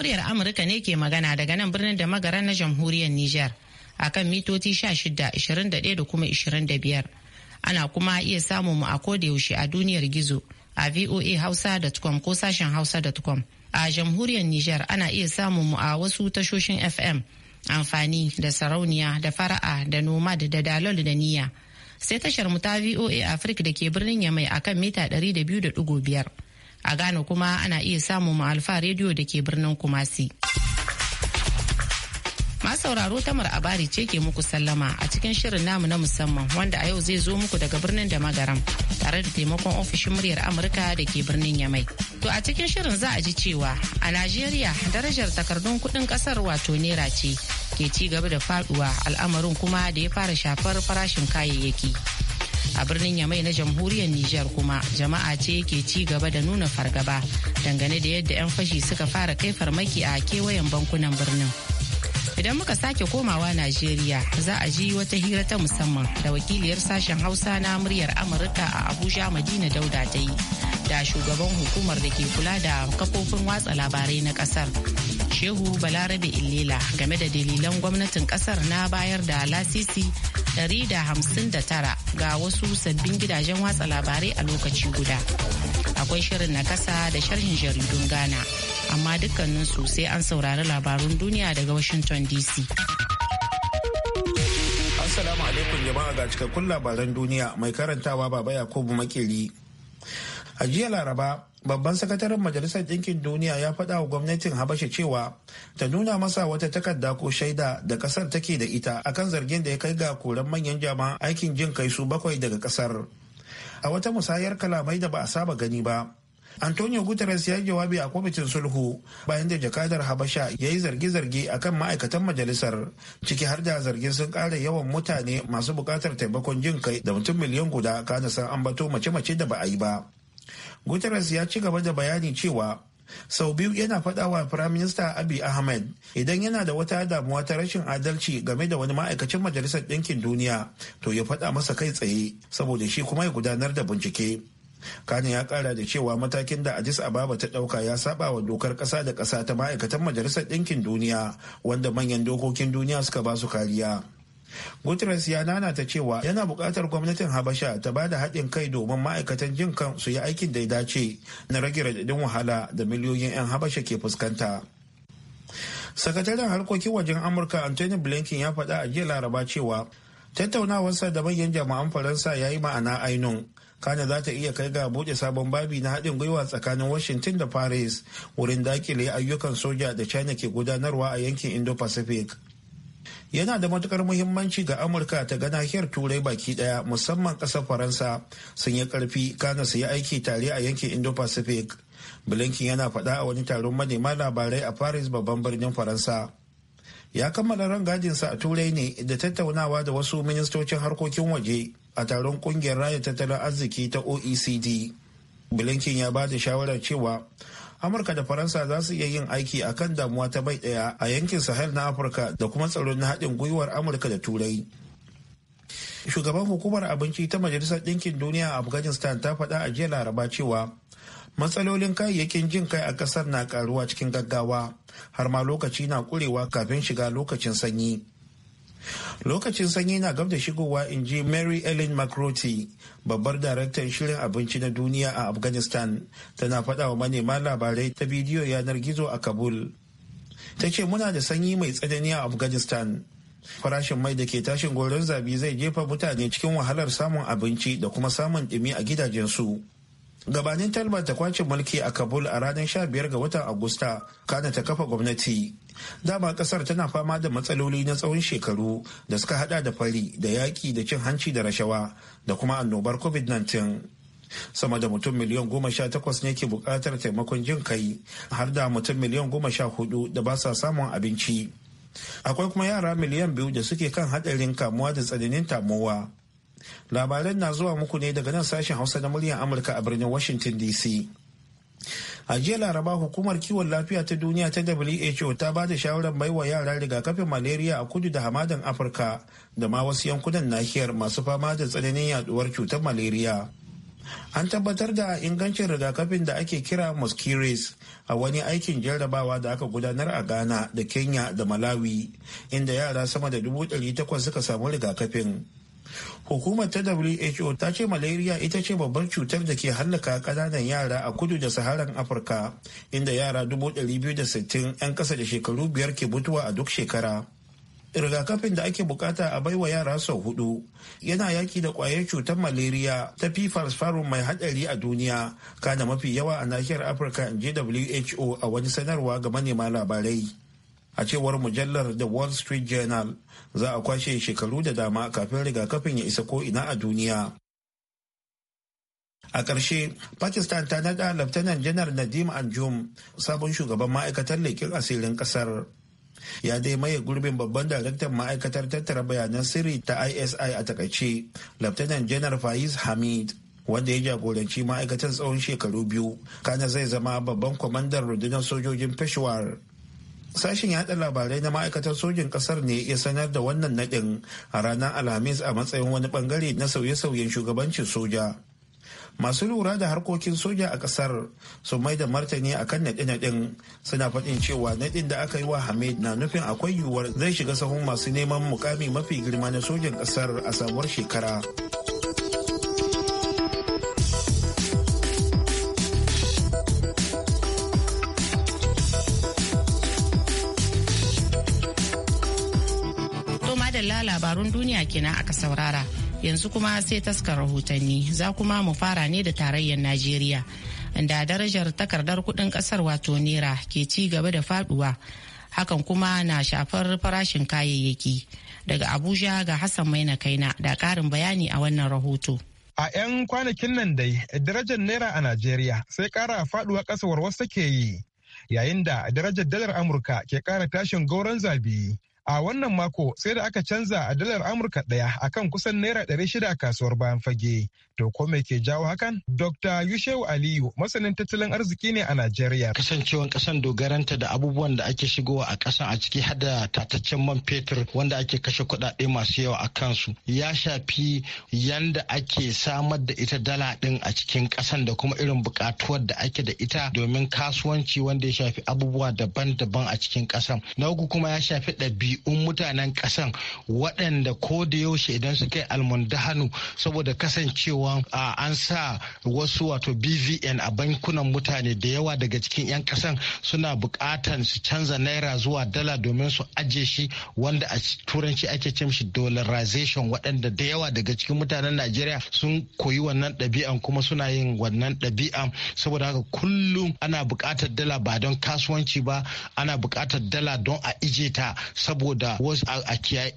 muryar Amurka ne ke magana daga nan birnin da magara na jamhuriyar Nijar akan mitoci 16, 21 da kuma 25. Ana kuma iya samun mu a yaushe a duniyar gizo a voahausa.com ko sashen hausa.com. A jamhuriyar Nijar ana iya samun mu a wasu tashoshin FM amfani da sarauniya da fara'a da nomad da dalol da niyya. Sai tashar mu ta VOA Africa da ke birnin Yamai akan mita 200.5. a Ghana kuma ana iya samun mu alfa rediyo da ke birnin Kumasi. ma sauraro tamar abari ce ke muku sallama a cikin shirin namu na musamman wanda a yau zai zo muku daga birnin da magaram tare da taimakon ofishin muryar amurka da ke birnin yamai to a cikin shirin za a ji cewa a najeriya darajar takardun kudin kasar wato naira ce ke ci gaba da faduwa al'amarin kuma da ya fara shafar farashin kayayyaki a birnin yamai na jamhuriyar Nijar kuma jama'a ce ke ci gaba da nuna fargaba dangane da yadda 'yan fashi suka fara kai farmaki a kewayen bankunan birnin. Idan muka sake komawa Najeriya za a ji wata hira ta musamman da wakiliyar sashen Hausa na muryar Amurka a Abuja Madina Dauda ta yi da shugaban hukumar da ke kula da kafofin watsa labarai na kasar Shehu Balarabe Ilela game da dalilan gwamnatin kasar na bayar da lasisi 159 ga wasu sabbin gidajen watsa labarai a lokaci guda. Akwai shirin na kasa da sharhin jaridun Ghana, amma dukkanin sai an saurari labarun duniya daga Washington DC. Assalamu alaikum jama'a ga cikakkun labaran duniya mai karantawa baba Yakubu Makeri. A jiya Laraba, babban sakataren majalisar ɗinkin duniya ya faɗa wa gwamnatin habasha cewa ta nuna masa wata takarda ko shaida da ƙasar take da ita akan zargin da ya kai ga koran manyan jama'a aikin jin kai su bakwai daga ƙasar a wata musayar kalamai da ba a saba gani ba antonio guterres ya jawabi a kwamitin sulhu bayan da jakadar habasha ya yi zarge-zarge kan ma'aikatan majalisar ciki har da zargin sun ƙara yawan mutane masu buƙatar taimakon jin kai da mutum miliyan guda na san ambato mace-mace da ba a yi ba guterres ya ci gaba da bayani cewa sau biyu yana faɗa wa firaminista abi ahmed idan yana da wata damuwa ta rashin adalci game da wani ma'aikacin majalisar ɗinkin duniya to ya faɗa masa kai tsaye saboda shi kuma ya gudanar da bincike kane ya ƙara da cewa matakin da addis ababa ta ɗauka ya saba wa dokar ƙasa da ƙasa ta ma'aikatan majalisar ɗinkin duniya wanda manyan dokokin duniya suka ba su kariya Guterres ya nanata cewa yana buƙatar gwamnatin Habasha ta ba da haɗin kai domin ma'aikatan jin kan su yi aikin da ya dace na rage radadin wahala da miliyoyin 'yan Habasha ke fuskanta. Sakataren harkokin wajen Amurka Anthony Blinken ya faɗa a jiya Laraba cewa tattaunawarsa da manyan jama'an Faransa ya yi ma'ana ainun. Kana za ta iya kai ga buɗe sabon babi na haɗin gwiwa tsakanin Washington da Paris wurin dakile ayyukan soja da China ke gudanarwa a yankin Indo-Pacific. yana da matukar muhimmanci ga amurka ta ga nahiyar turai baki daya musamman kasar faransa sun yi karfi kana su yi aiki tare a yankin indo-pacific blinken yana faɗa a wani taron manema labarai a paris babban birnin faransa ya kammala rangadinsa a turai ne da tattaunawa da wasu ministocin harkokin waje a taron kungiyar raya tattalin arziki ta oecd blinken ya ba da shawarar cewa amurka da faransa za su iya yin aiki a kan damuwa ta bai daya a yankin sahel na afirka da kuma tsaron na haɗin gwiwar amurka da turai shugaban hukumar abinci ta majalisar ɗinkin duniya a afghanistan ta faɗa a jiya laraba cewa matsalolin kayayyakin jin kai a ƙasar na ƙaruwa cikin gaggawa har ma lokaci na ƙurewa kafin shiga lokacin sanyi lokacin sanyi na gab da shigowa in ji mary ellen mcroti babbar daraktan shirin abinci na duniya a afghanistan tana faɗa wa manema labarai ta bidiyo yanar gizo a kabul ta ce muna da sanyi mai tsanani a afghanistan farashin mai da ke tashin goron zabi zai jefa mutane cikin wahalar samun abinci da kuma samun ɗumi a gidajensu gabanin talba ta kwace mulki a kabul a ranar 15 ga watan agusta kana ta kafa gwamnati dama kasar tana fama da matsaloli na tsawon shekaru da suka hada da fari da yaƙi da cin hanci da rashawa da kuma annobar covid-19 sama da mutum miliyan goma sha takwas ne ke buƙatar taimakon jin kai har da mutum miliyan goma sha hudu da ba sa samun abinci akwai kuma yara miliyan biyu da suke kan hadarin kamuwa da tsananin tamowa labaran na zuwa muku ne daga nan sashen hausa na muryar amurka a birnin washington dc a jiya laraba hukumar kiwon lafiya ta duniya ta who ta ba da shawarar wa yara rigakafin malaria a kudu da hamadan afirka da ma wasu yankunan nahiyar masu fama da tsananin yaduwar cutar malaria an tabbatar da ingancin rigakafin da ake kira mosquirix a wani aikin jarrabawa da aka gudanar a ghana da kenya da malawi inda yara sama da 800 suka samu rigakafin hukumar ta who ta ce malaria ita ce babbar cutar da ke hallaka kananan yara a kudu da saharan afirka inda yara 260 'yan kasa da shekaru biyar ke mutuwa a duk shekara rigakafin da ake bukata a baiwa yara sau hudu yana yaki da kwayar cutar malaria ta fifarsarin mai hadari a duniya kada mafi yawa a nahiyar afirka in who a wani sanarwa ga manema labarai a cewar mujallar the wall street journal za a kwashe shekaru da dama kafin rigakafin ya isa ko'ina a duniya a ƙarshe pakistan ta nada laftanan janar nadim anjum sabon shugaban ma'aikatar leƙin asirin ƙasar ya dai maye gurbin babban daraktan ma'aikatar tattara bayanan sirri ta isi a takaice laftanan janar faiz hamid wanda ya jagoranci ma'aikatar tsawon shekaru biyu kana zai zama babban kwamandan rundunar sojojin peshawar Sashen yada labarai na ma'aikatar sojin ƙasar ne ya sanar da wannan naɗin a ranar Alhamis a matsayin wani bangare na sauye-sauyen shugabancin soja. Masu lura da harkokin soja a ƙasar sun mai da martani a kan naɗe-naɗin suna faɗin cewa naɗin da aka yi wa Hamid na nufin akwai yiwuwar zai shiga sahun masu neman mukami mafi girma na sojin ƙasar a samuwar shekara. labarun duniya kenan aka saurara yanzu kuma sai taskar rahotanni za kuma mu fara ne da tarayyar najeriya da darajar takardar kudin kasar wato naira ke ci gaba da faduwa hakan kuma na shafar farashin kayayyaki daga abuja ga hassan maina kaina da karin bayani a wannan rahoto A 'yan kwanakin nan dai, darajar Naira a Najeriya sai ƙara faduwa kasuwar wasu ke yi, yayin da darajar dalar Amurka ke kara tashin gauran zabi. a wannan mako sai da aka canza a dalar amurka ɗaya akan kusan naira ɗari shida kasuwar bayan fage To ko me ke jawo hakan? Dr. Yushewu Aliyu masanin tattalin arziki ne a Najeriya. Kasancewan kasan dogaranta da abubuwan da ake shigowa a kasan a ciki hada tataccen man fetur wanda ake kashe kuɗaɗe masu yawa a kansu ya shafi yanda ake samar da ita dala ɗin a cikin kasan da kuma irin buƙatuwar da ake da ita domin kasuwanci wanda ya shafi abubuwa daban-daban a cikin kasan. Na uku kuma ya shafi ɗabi'un mutanen kasan waɗanda ko da yaushe idan su kai almundahanu saboda kasancewa A an sa wasu wato bvn a bankunan mutane da yawa daga cikin 'yan kasan suna bukatan su canza naira zuwa dala domin su ajiye shi wanda a turanci ake ce shi dollarization waɗanda da yawa daga cikin mutanen najeriya sun koyi wannan ɗabi'an kuma suna yin wannan ɗabi'an saboda haka kullum ana buƙatar dala ba don kasuwanci ba ana buƙatar dala don a ije ta saboda a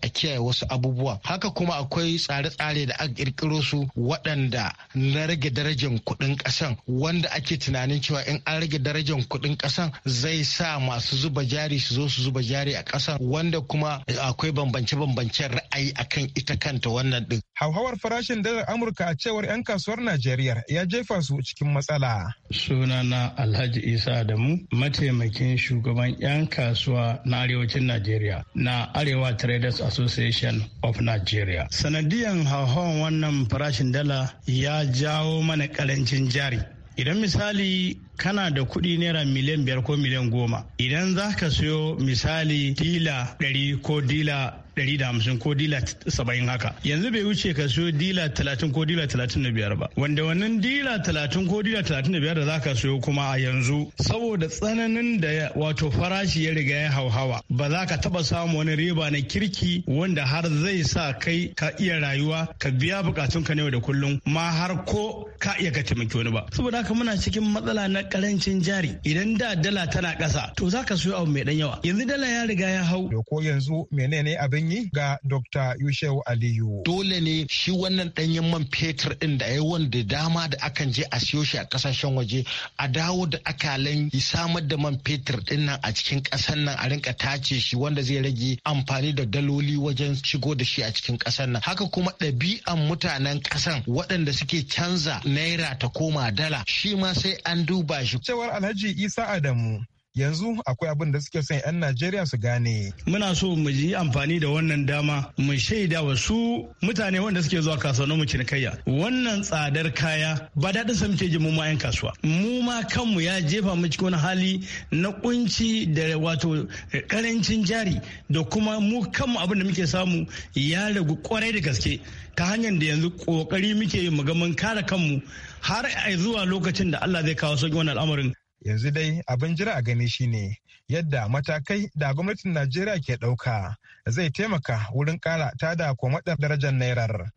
kiyaye wasu abubuwa haka kuma akwai tsare-tsare da aka ƙirƙiro su waɗanda waɗanda na rage darajar kuɗin ƙasan wanda ake tunanin cewa in an rage darajar kuɗin ƙasan zai sa masu zuba jari su zo su zuba jari a ƙasan wanda kuma akwai bambance-bambancen ra'ayi akan ita kanta wannan ɗin hauhawar farashin dalar amurka a cewar 'yan kasuwar najeriya ya jefa su cikin matsala sunana alhaji isa adamu mataimakin shugaban 'yan kasuwa na arewacin najeriya na arewa traders association of nigeria sanadiyan hauhawar wannan farashin dala ya jawo mana karancin jari idan misali kana da kuɗi naira miliyan biyar ko miliyan goma idan za ka siyo misali dila ɗari ko dila 150 ko dila 70 haka yanzu bai wuce ka siyo dila 30 ko dila 35 ba wanda wannan dila 30 ko dila 35 da zaka siyo kuma a yanzu saboda tsananin da wato farashi ya riga ya hauhawa ba za ka taba samu wani riba na kirki wanda har zai sa kai ka iya rayuwa ka biya bukatun na yau da kullum ma har ko ka iya ka taimaki wani ba saboda haka muna cikin matsala na karancin jari idan da dala tana ƙasa to za ka siyo abu mai dan yawa yanzu dala ya riga ya hau ko yanzu menene abin yi ga Dr. Yushewu Aliyu. Dole ne shi wannan ɗanyen man fetur din da ya wanda dama da akan je a siyo shi a kasashen waje a dawo da akalan samar da man fetur din nan a cikin ƙasar nan a rinka tace shi wanda zai rage amfani da daloli wajen shigo da shi a cikin ƙasar nan. Haka kuma ɗabi'an mutanen ƙasan waɗanda suke canza naira ta koma dala shi ma sai an duba shi. Cewar Alhaji Isa Adamu yanzu akwai abin da suke son 'yan Najeriya su gane. Muna so mu yi amfani da wannan dama mu shaida wa su mutane wanda suke zuwa kasuwannin mu cinikayya. Wannan tsadar kaya ba daɗin sa muke ji mu ma 'yan kasuwa. Mu ma kanmu ya jefa mu cikin wani hali na kunci da wato karancin jari da kuma mu kanmu abin da muke samu ya ragu kwarai da gaske ta hanyar da yanzu kokari muke mu ga mun kare kanmu har a zuwa lokacin da Allah zai kawo sauki wannan al'amarin yanzu dai abin jira a gani shine yadda matakai da gwamnatin najeriya ke ɗauka zai taimaka wurin ƙara tada komadar darajar nairar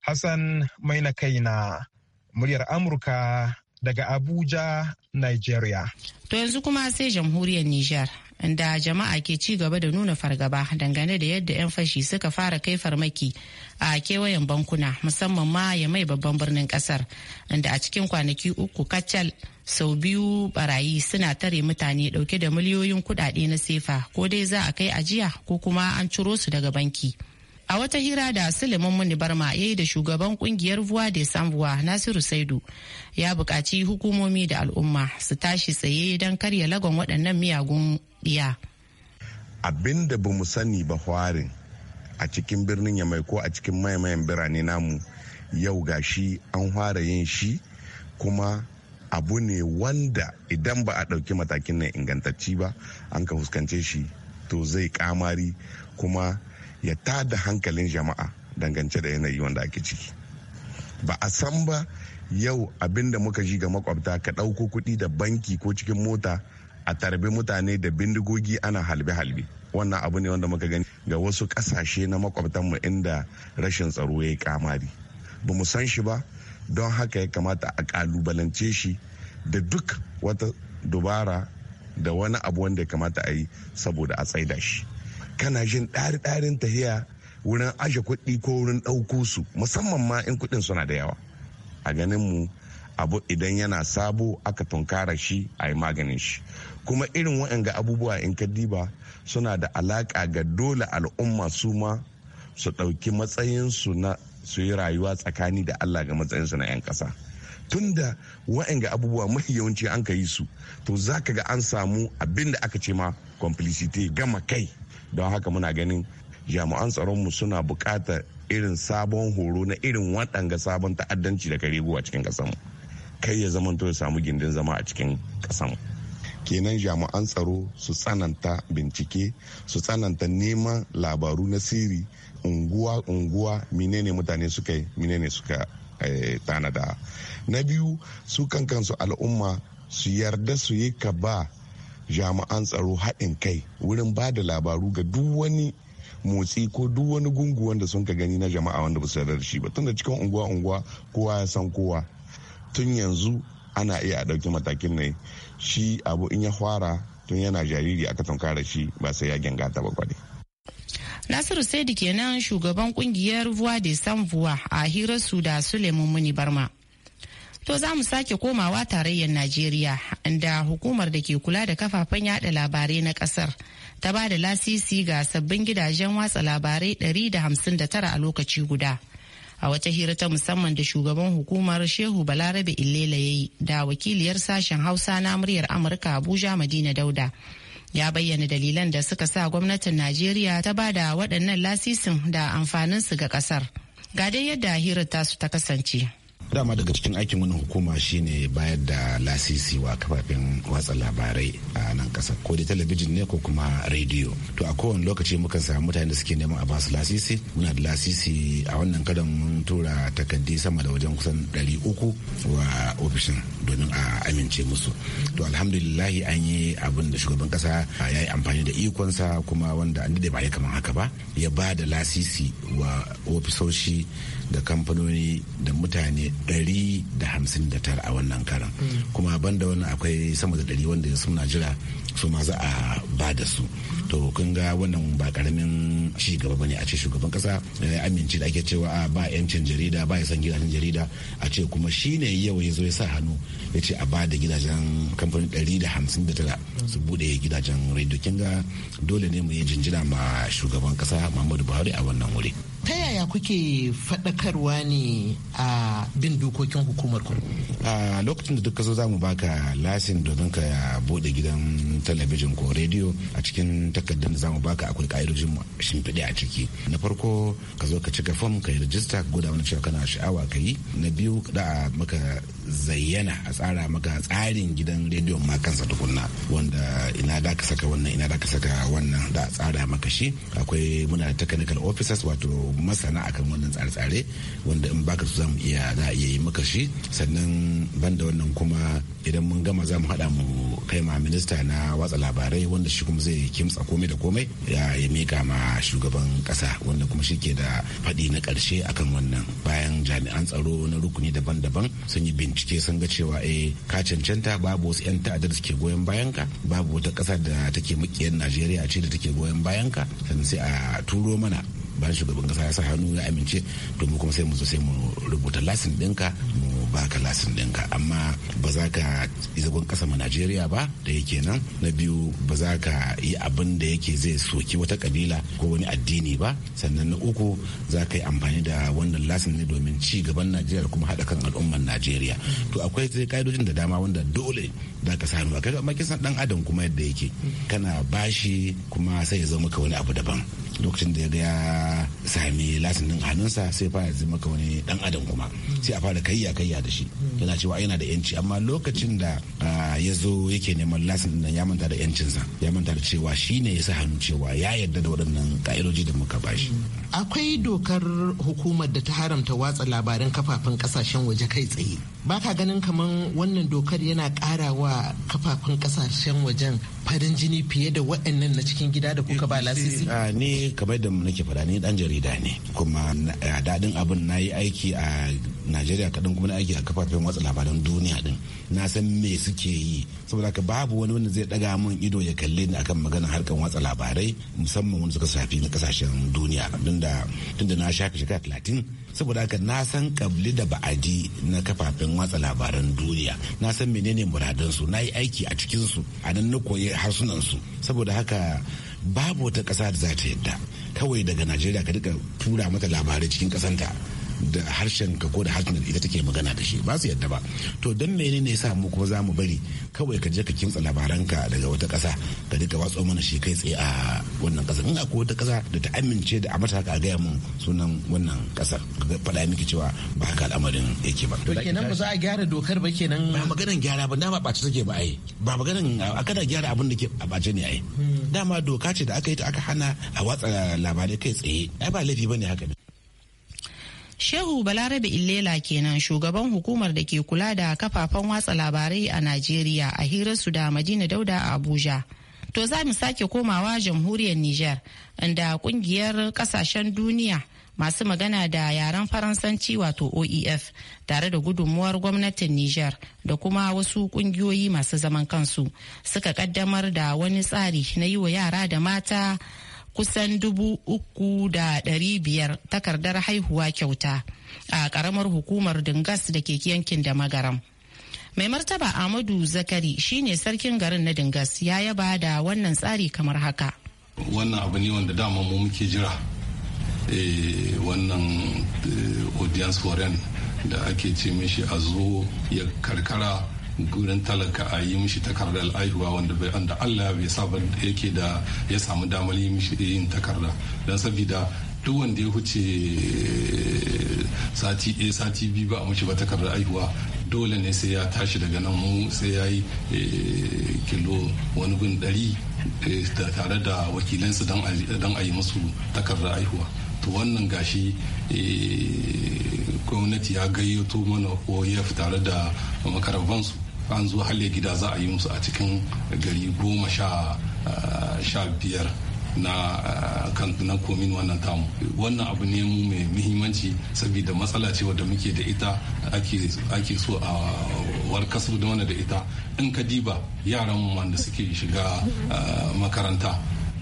hassan mai na kaina muryar amurka daga abuja nigeria to yanzu kuma sai jamhuriyar niger inda jama'a ke ci gaba da nuna fargaba dangane da yadda 'yan fashi suka fara kai farmaki a kewayen bankuna musamman ma ya mai babban birnin kasar inda a cikin kwanaki uku kacal sau biyu barayi suna tare mutane dauke da miliyoyin kudade na sefa ko dai za a kai ajiya ko kuma an ciro su daga banki. A wata hira da Suleiman Muni Barma ya yi da shugaban kungiyar Vuwa de Samvuwa Nasiru Saidu ya bukaci hukumomi da al'umma su tashi tsaye don karya lagon waɗannan miyagun ɗiya. Abin da ba mu sani ba hwarin a cikin birnin ya mai ko a cikin mayan birane namu yau gashi an hwara yin shi kuma abu ne wanda idan ba a ɗauki matakin nan ingantacci ba an ka fuskance shi to zai kamari kuma ya tada hankalin jama'a dangance da yanayi wanda ake ciki ba a san ba yau abinda muka ji ga makwabta ka ɗauko kuɗi da banki ko cikin mota a tarbi mutane da bindigogi ana halbe-halbe wannan abu ne wanda muka gani ga wasu ƙasashe na mu inda rashin tsaro ya yi kamari ba mu san shi ba don haka ya kamata a ƙalubalance shi da duk wata dubara da wani abu wanda ya kamata a yi saboda a tsaida shi kana jin ɗari-ɗarin tahiya wurin aje kuɗi ko wurin ɗauko su musamman ma in kuɗin suna da yawa a ganin mu abu idan yana sabo aka tunkara shi a yi maganin shi kuma irin waɗanga abubuwa in ka diba suna da alaƙa ga dole al'umma su ma su ɗauki matsayinsu na su yi rayuwa tsakani da allah ga matsayinsu na 'yan ƙasa tunda waɗanga abubuwa mafi yawanci an ka yi su to za ka ga an samu abin da aka ce ma complicity gama kai don haka muna ganin jami'an tsaronmu suna bukatar irin sabon horo na irin waɗanga sabon ta'addanci da karibu a cikin ƙasanmu kai ya zama to ya samu gindin zama a cikin ƙasanmu kenan jami'an tsaro su tsananta bincike su tsananta neman labaru na siri unguwa unguwa menene mutane suka yi menene suka eh, tanada na biyu su kankan su al'umma su yarda su yi ka ba jami'an tsaro haɗin kai wurin ba da labaru ga duk wani motsi ko duk wani gungu wanda sun ka gani na jama'a wanda basu su da shi ba tun da cikin unguwa unguwa kowa ya san kowa tun yanzu ana iya a ɗauki matakin ne shi abu in ya fara tun yana jariri aka tunkara shi ba sai ya gyangata ba kwade. Nasiru Saidi kenan shugaban kungiyar vuwa de Sanvoix a su da Suleiman Muni Barma. To za mu sake komawa tarayyar Najeriya inda hukumar da ke kula da kafafen yada labarai na kasar ta ba da lasisi ga sabbin gidajen watsa labarai da da hamsin tara a lokaci guda. A wata hira ta musamman da shugaban hukumar Shehu Balarabe Illela ya yi da wakiliyar sashen Hausa na muryar Amurka Abuja Madina Dauda. Ya bayyana dalilan da suka sa gwamnatin Najeriya ta ba da waɗannan lasisin da amfaninsu ga ƙasar. Ga dai yadda hirar tasu ta kasance. dama daga cikin aikin wani hukuma shine bayar da lasisi wa kafafen watsa labarai a nan kasa ko da talabijin ne ko kuma rediyo to a kowane lokaci muka samu mutane da suke neman a basu lasisi muna da lasisi a wannan karan mun tura takardi sama da wajen kusan 300 wa ofishin domin a amince musu to alhamdulillah an yi abin da shugaban kasa ya yi amfani da ikonsa kuma wanda an da ba ya kamar haka ba ya ba da lasisi wa ofisoshi da kamfanoni da mutane ɗari da hamsin da tara a wannan karan kuma banda wannan akwai sama da dari wanda suna jira su ma za a ba da su to kun ga wannan ba karamin ci gaba bane a ce shugaban kasa ya amince da ake cewa a ah, ba yancin jarida ba ya san gidajen jarida a ce kuma shi ne yau ya zo ya sa hannu ya ce a ba da gidajen kamfanin tara. su bude gidajen rediyo kin ga dole ne mu yi jinjina ma shugaban kasa Muhammadu Buhari a wannan wuri ta yaya kuke faɗakarwa ne a bin dokokin hukumar ku a lokacin da duka zo za mu baka lasin domin ka bude gidan talabijin ko rediyo a cikin takardun da za mu baka akwai ka'idojin shimfiɗe a ciki na farko ka zo ka cika fom ka yi rajista ka gwada wani cewa kana sha'awa ka yi na biyu da maka zayyana a tsara maka tsarin gidan rediyo ma kansa tukunna wanda ina da ka saka wannan ina da ka saka wannan da tsara maka shi akwai muna da technical officers wato masana akan wannan tsare-tsare wanda in baka su zamu iya za a iya yi maka shi sannan banda wannan kuma idan mun gama za mu haɗa mu kai ma minista na watsa labarai wanda shi kuma zai kimtsa komai da komai ya ya mika ma shugaban kasa wanda kuma shi ke da faɗi na ƙarshe akan wannan bayan jami'an tsaro na rukuni daban-daban sun yi bincike sun ga cewa eh ka cancanta babu wasu 'yan ta'adda da suke goyon bayanka babu wata ƙasa da take mukiyar najeriya ce da take goyon bayanka sannan sai a turo mana bayan shugaban kasa ya sa hannu ya amince to mu kuma sai mu zo sai mu rubuta lasin dinka mu baka lasin dinka amma ba za ka zagon kasa ma Najeriya ba da yake nan na biyu ba za ka yi abin da yake zai soki wata kabila ko wani addini ba sannan na uku za ka yi amfani da wannan lasin ne domin ci gaban Najeriya kuma haɗa kan al'umman Najeriya to akwai ka'idojin da dama wanda dole za ka sami a kai amma kisan dan adam kuma yadda yake kana bashi kuma sai ya zama ka wani abu daban lokacin da ya sami lasin din hannunsa sai fara zama maka wani dan adam kuma sai a fara kayya kayya da shi yana cewa yana da yanci amma lokacin da ya zo yake neman lasin din ya manta da yancinsa ya manta da cewa shi ne ya sa hannu cewa ya yarda da waɗannan ka'idoji da muka shi akwai dokar hukumar da ta haramta watsa labaran kafafen kasashen waje kai tsaye ba ka ganin kamar wannan dokar yana ƙara wa kafafen kasashen wajen farin jini fiye da waɗannan na cikin gida da kuka ba lasisi? Eh, ni kamar da nake faɗa ne dan jarida ne kuma eh, daɗin abin na yi aiki a najeriya kaɗan kuma na aiki a kafafen watsa labaran duniya din na san me suke yi saboda haka babu wani wanda zai ɗaga min ido ya kalle ni akan magana harkan watsa labarai musamman wanda suka shafi na kasashen duniya tunda tunda na shafi shekara talatin saboda haka na san kabli da ba'adi na kafafen watsa labaran duniya na san menene muradansu na yi aiki a cikin su a nan na koyi su saboda haka babu wata ƙasa da za ta yadda kawai daga najeriya ka dika tura mata labarai cikin ƙasanta da harshen ka ko da harshen ita take magana da shi ba su yadda ba to don mene ne yasa mu kuma za mu bari kawai ka je ka kimtsa labaranka daga wata ƙasa ka dinga watsa mana shi kai tsaye a wannan kasa in akwai wata ƙasa da ta amince da a mata ka gaya mun sunan wannan ƙasar ka faɗa miki cewa ba haka al'amarin yake ba to kenan ba za a gyara dokar ba kenan ba maganan gyara ba dama ɓace take ba ai ba maganan akana gyara abin da ke a ɓace ne ai hmm. dama doka ce da aka yi ta aka hana a watsa labarai kai tsaye ai ba laifi bane haka ne Shehu Balarabe Ilela kenan shugaban hukumar da ke kula da kafafen watsa labarai a Najeriya a hirarsu da Madina Dauda a Abuja. To za mu sake komawa jamhuriyar Nijar inda kungiyar kasashen duniya masu magana da yaren faransanci wato OEF tare da gudunmuwar gwamnatin Nijar da kuma wasu kungiyoyi masu zaman kansu suka kaddamar da wani tsari na yi wa yara da mata kusan dubu uku da ɗari biyar takardar haihuwa kyauta a ƙaramar hukumar dingas da ke yankin da magaram. mai martaba amadu zakari shine sarkin garin na dingas ya yaba da wannan tsari kamar haka wannan abu ne wanda dama mu muke jira eh, wannan eh, audience foreign da ake ce mishi a zo ya karkara gurin talaka a yi mishi takardar aihuwa wanda bai anda Allah bai saba yake da ya samu damar yi mishi yin takarda don sabida duk wanda ya huce sati a sati biyu ba a mishi ba takardar aihuwa dole ne sai ya tashi daga nan mu sai ya yi eh, kilo wani gun eh, da tare da wakilansu don a yi musu takardar aihuwa to wannan gashi eh, gwamnati ya gayyato mana oef tare da makarabansu an zo halle gida za a yi musu a cikin gari goma sha eh, biyar na eh, kantunan komin wannan tamu wannan abu ne mu mai muhimmanci saboda matsala ce wadda muke da ita ake so a warkasu da wani da ita in ka diba yaran wanda suke shiga makaranta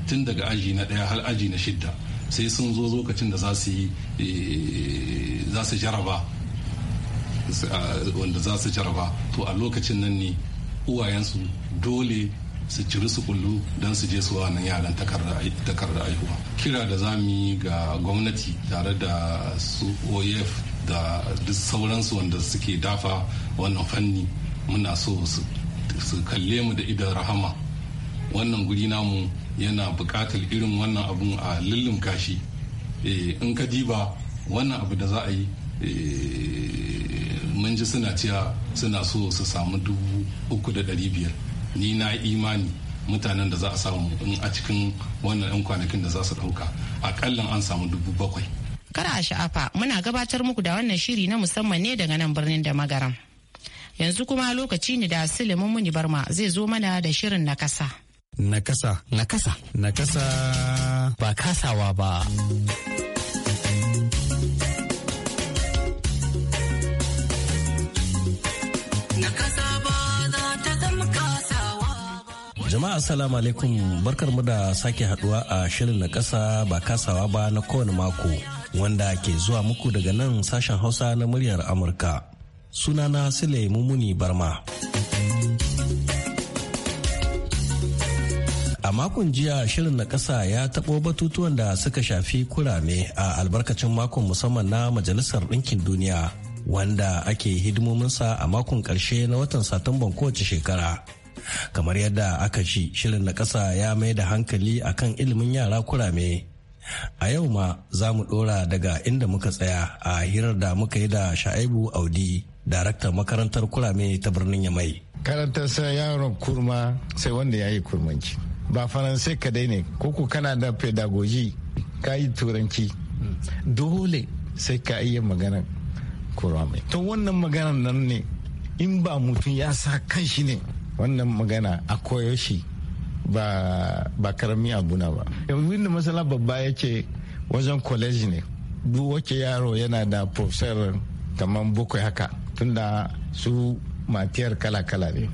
tun daga aji na daya har aji na shidda sai sun zo lokacin da za su yi eh, za su jaraba wanda za su jaraba to a lokacin nan ne uwayensu dole su ciri su kullu don su je su wannan yaran takarda aihuwa kira da za mu yi ga gwamnati tare da su oef da duk sauransu wanda suke dafa wannan fanni muna so su kalle mu da idan rahama wannan guri namu yana buƙatar irin wannan abun a lullum kashi eh, in ka diba wannan abu da za a yi eh, mun ji suna cewa suna so su samu dubu uku da ɗari biyar ni na imani mutanen da za a samu in a cikin wannan 'yan kwanakin da za su ɗauka aƙalla an samu dubu bakwai kara a sha'afa muna gabatar muku da wannan shiri na musamman ne daga nan birnin da magaram yanzu kuma lokaci ne da silimin muni barma zai zo mana da shirin na kasa. Nakasa. Nakasa. Nakasa. Ba kasawa ba. Jama'a assalamu alaikum barkar mu da sake haduwa a shirin na kasa ba kasawa ba na kowane mako wanda ke zuwa muku daga nan sashen hausa na muryar Amurka. Sunana sile Mumuni Barma. makon jiya shirin na ƙasa ya taɓo batutuwan da suka shafi kurame a albarkacin makon musamman na Majalisar Ɗinkin Duniya wanda ake hidimominsa a makon ƙarshe na watan Satumban kowace shekara. Kamar yadda aka shi shirin na ƙasa ya mai da hankali akan ilimin yara kurame. A yau ma za mu ɗora daga inda muka tsaya a hirar da muka yi da Sha'ibu Audi, daraktan makarantar kurame ta birnin Yamai. karantar sai yaron kurma sai wanda ya yi kurmanci ba faransai kadai ne koko kana da pedagogy ka yi turanci dole sai ka iya magana kurame to wannan maganar nan ne in ba mutum ya sa kan shi ne wannan magana a koyoshi ba karami abuna ba yawon da masala babba ya ce wajen college ne duk yaro yana da professor kamar bakwai haka tunda su matiyar kala-kala ne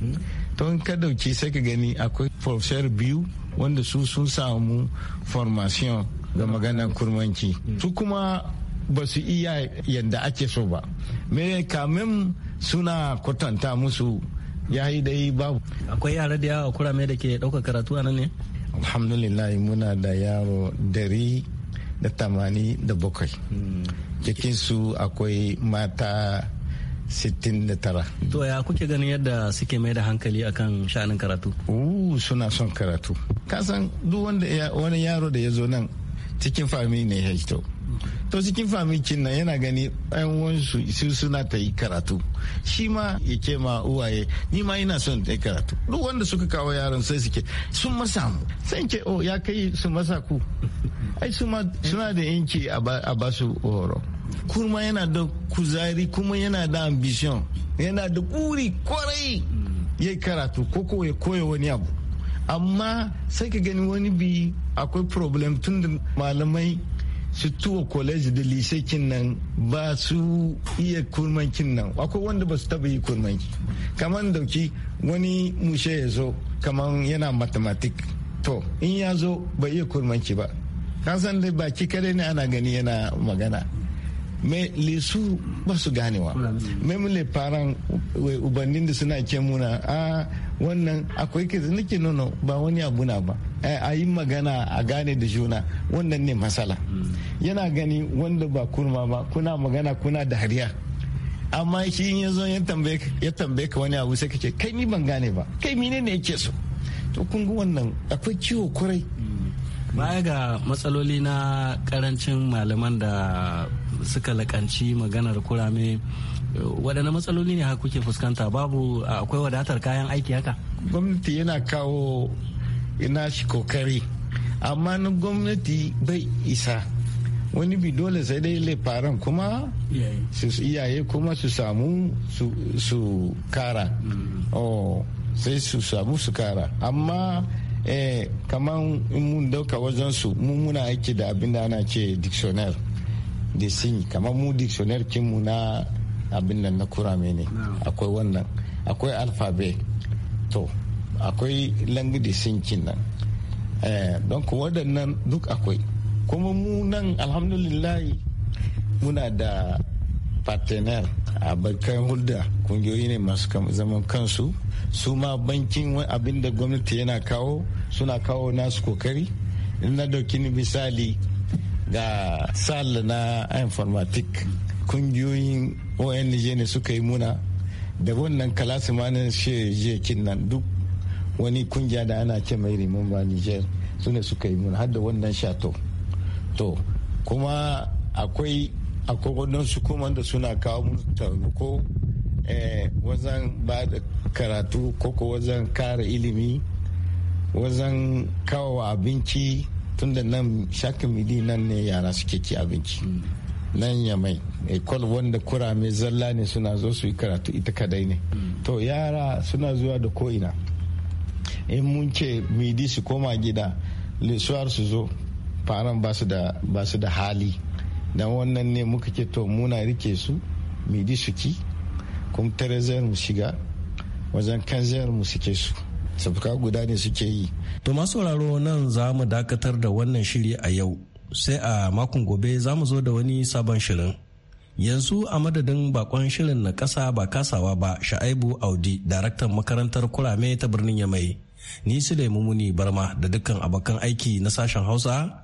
to in ka dauki sai ka gani akwai professor biyu wanda su sun samu formation ga maganar kurmanci su kuma ba su iya yadda ake so ba me kamin suna kwatanta musu ya yi dai babu akwai yara da yawa kurame da ke ɗaukar karatu a nan ne alhamdulillah muna da yaro dari da tamani da bakwai hmm. cikinsu akwai mata 69 to ya kuke ganin yadda suke mai da hankali akan sha'anin karatu uh suna son karatu kasan duk wanda wani yaro da ya zo nan cikin fami ne ya hito to cikin famikin nan yana gani ɗan wansu su suna ta yi karatu shi ma ya ce ma uwaye ni ma ina son ta yi karatu duk wanda suka kawo yaron sai suke sun masa mu sai ke o oh, ya kai su masa ku ai su ma suna da yanki a basu horo kuma yana da kuzari kuma yana da ambition yana da buri kwarai ya yi karatu ko ya koya wani abu amma sai ka gani wani bi akwai problem tun da malamai su tuwa college da lise kin nan ba su iya kurman kin nan akwai wanda ba su taba yi kurman ki kamar dauki wani mushe ya zo kamar yana mathematic to in ya zo ba iya kurman ki ba kasan da baki kare ne ana gani yana magana mais les su ba su ganewa même les parents ubannin da suna ke muna a wannan akwai ke nake nono ba wani abu na ba a yi magana a gane da juna wannan ne masala yana gani wanda ba kurma ba kuna magana kuna dariya amma shi ya zo ya tambaye ka wani abu sai ka ce kai ni ban gane ba kai mine ne yake so to kun ga wannan akwai ciwo kurai baya ga matsaloli na karancin malaman da suka lakanci maganar kurame waɗanne matsaloli ne haka kuke fuskanta babu akwai wadatar kayan aiki haka gwamnati yana kawo ina shi kokari amma na gwamnati bai isa wani bi dole sai dai laifaran kuma su iyaye kuma su samu su kara mm-hmm. oh, sai su samu su kara amma Eh, kaman mun dauka wajen su mun muna aiki da abin da ana ce dictionnaire da sin kaman mu dictionnaire mu na abin nan na kurame ne akwai wannan akwai alphabet to akwai language sin nan eh, don ku waɗannan duk akwai kuma mu nan alhamdulillahi muna da partenaire abokan hulda kungiyoyi ne masu zaman kansu su ma bankin abin da gwamnati yana kawo suna kawo nasu kokari na dauki misali ga sal na informatic kungiyoyin ong ne suka yi muna da wannan kalasimanin shekin nan duk wani kungiya da ana ce mai ba niger su ne suka yi muna har da wannan shato to kuma akwai akwai waɗansu kuma da suna kawo mu taimako eh, wajen ba da karatu koko wajen kare ilimi wajen kawo abinci tun da nan shakin midi nan ne yara suke ci abinci mm. nan ya mai ekol wanda kurame zalla ne suna zo su yi karatu ita kadai ne mm. to yara suna zuwa da ko'ina in mun ce midi su koma gida lissuwar su zo faran ba su da hali dan wannan ne muka ke to muna rike su midi ki kuma tare mu shiga wajen kan mu suke su sabuka guda ne suke yi. To masu sauraro nan za mu dakatar da wannan shiri a yau sai a makon gobe za mu zo da wani sabon shirin. Yanzu a madadin bakon shirin na kasa ba kasawa ba Sha'aibu Audi daraktan makarantar kurame ta birnin Yamai. Ni Sule Mumuni Barma da dukkan abokan aiki na sashen Hausa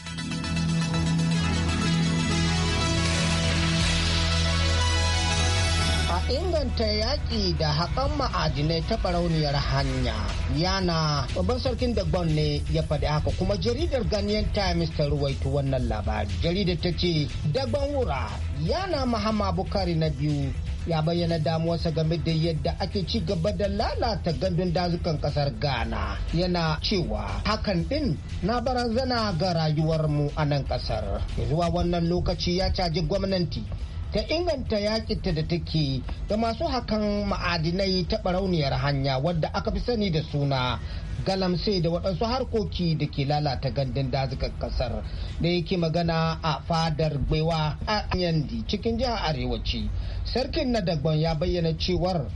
ta yaƙi da haƙan ma'adinai ta barauniyar hanya. Yana babban sarkin da ne ya faɗi haka kuma jaridar Ghanaian Times ta ruwaito wannan labari. Jaridar ta ce Dagban Wura yana Mahama Bukari na biyu ya bayyana damuwarsa game da yadda ake ci gaba da lalata gandun dazukan kasar ghana yana cewa hakan din na barazana ga rayuwarmu a nan kasar zuwa wannan lokaci ya caji gwamnati ta inganta yakinta da take da masu hakan ma'adinai ta barauniyar hanya wadda aka fi sani da suna galamsai da waɗansu harkoki da ke lalata gandun dazukan kasar da yake magana a fadar gwewa a yandi cikin jihar arewaci sarkin na dagban ya bayyana cewar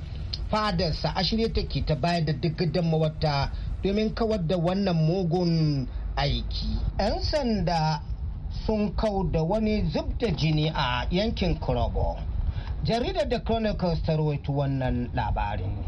fadarsa a shirye take ta bayar da duk gudunmawarta domin kawar da wannan mugun aiki 'yan sanda sun kau da wani zub da jini a yankin Kurobo. Jaridar da Chronicles ta rawaito wannan labarin.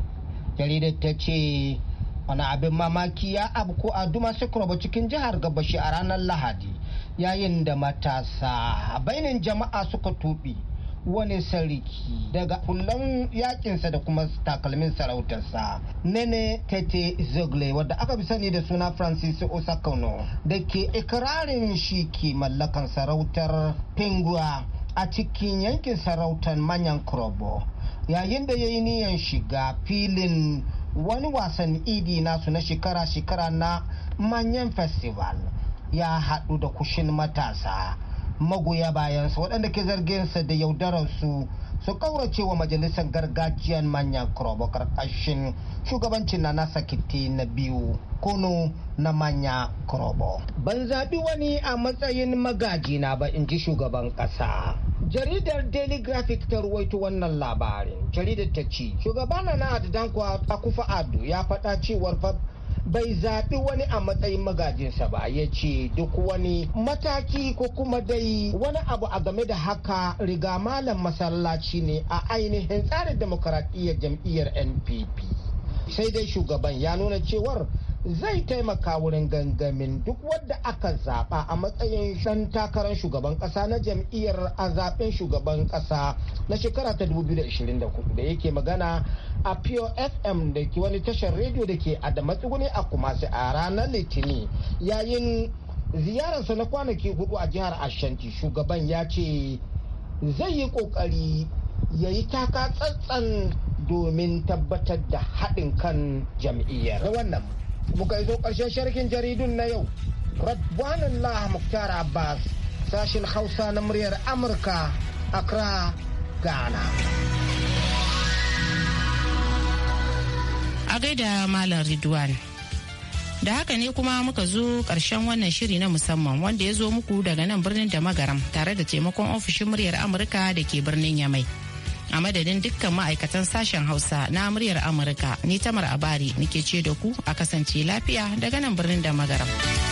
Jaridar ta ce wani abin mamaki ya abko a Duma Kurobo cikin jihar Gabashi a ranar Lahadi yayin da matasa bainin jama'a suka tuɓi. wani sarki daga kullum yakinsa da kuma takalmin sarautarsa nene tete zogle wadda aka fi sani da suna francis osakono da ke ikirarin shi ke mallakan sarautar pingua a cikin yankin sarautar manyan krobo yayin da ya yi niyan shiga filin wani wasan idi nasu na shekara-shekara na manyan festival ya haɗu da kushin matasa magoya bayansa waɗanda ke zargin sa da yaudararsu su kaurace wa majalisar gargajiyar manyan kurobo karkashin shugabancin na nasa kiti na biyu kono na manya kurobo ban zaɓi wani a matsayin magajina ba in ji shugaban ƙasa jaridar daily graphic ta ruwaito wannan labarin jaridar ta ce shugaba na na a kufa ado ya faɗa cewar bai zaɓi wani a matsayin magajinsa ba ya ce duk wani mataki ko kuma dai wani abu a game da haka riga malam masallaci ne a ainihin tsarin demokaradiyyar jam'iyyar npp sai dai shugaban ya nuna cewar zai taimaka wurin gangamin duk wadda aka zaɓa a matsayin shan takarar shugaban ƙasa na jam'iyyar a zaben shugaban ƙasa na shekara ta 2024 da yake magana a pofm da ke wani tashar rediyo da ke a da matsuguni a kumasi a ranar litini yayin ziyararsa na kwanaki hudu a jihar ashanti shugaban ya ce zai yi kokari ya yi taka tsantsan domin tabbatar da haɗin kan jam'iyyar wannan muka zo ƙarshen shirkin jaridun na yau radwanullah muktar abbas sashin hausa na muryar amurka accra ghana a gaida malam ridwan da haka ne kuma muka zo karshen wannan shiri na musamman wanda ya zo muku daga nan birnin da magaram tare da taimakon ofishin muryar amurka da ke birnin yamai a madadin dukkan ma'aikatan sashen hausa na muryar amurka ni tamar abari nike ce da ku a kasance lafiya daga nan birnin da magaram.